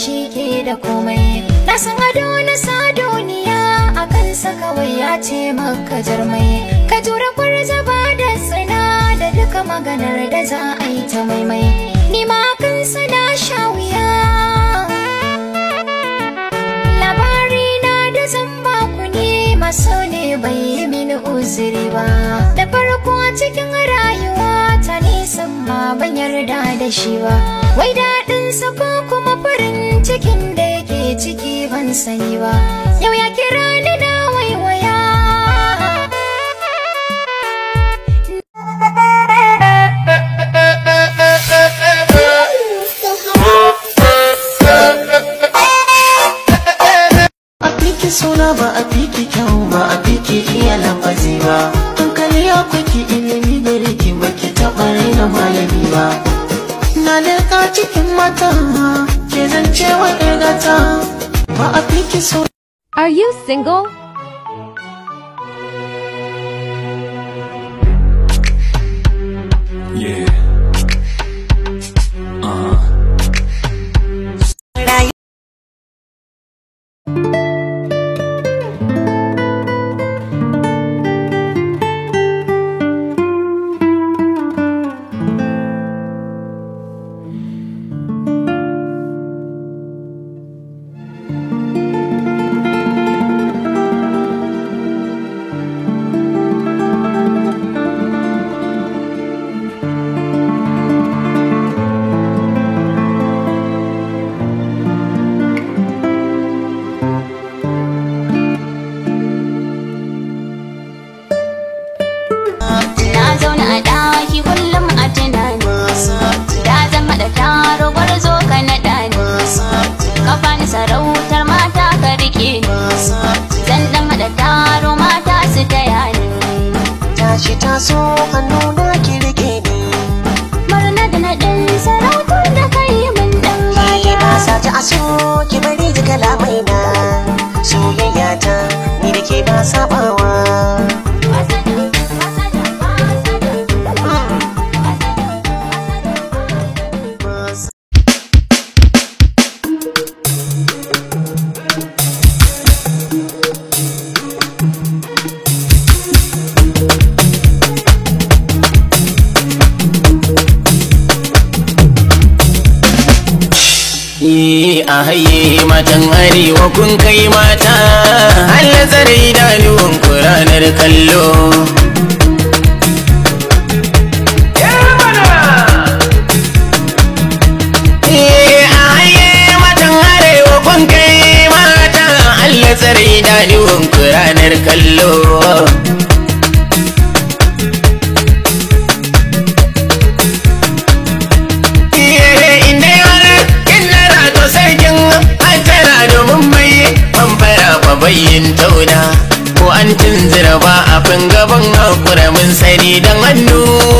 shi ke da komai na san ado na sa duniya a kansa kawai ya ce maka jarmai ka jura kwarza ba da tsina da duka maganar da za a yi ta maimai ni ma kansa na sha wuya labari na da zamba kune ne maso ne bai yi mini uzuri ba da farko cikin rayuwa ta nisan ma ban yarda da shi ba wai daɗinsa ko kuma fara ban sani ba yau ya kira ni da waiwaya Afiki suna ba a fiki kyau ba a fiki iya lafazi ba tunkali ya kwaki ilimi da riki baki taɓa na malami ba Na leƙa cikin mata ke zancewa ƙirgata Are you single? ta aso ki bari ji kalamai na soyayya ta ni da ke ba sabawa E, a haye matan arewa kun kai mata Allah zare idanuwan ku ranar kallo e, tsare idanuwan ku ranar kallo hancin zirba a fin gaban hakura mun sani don hannu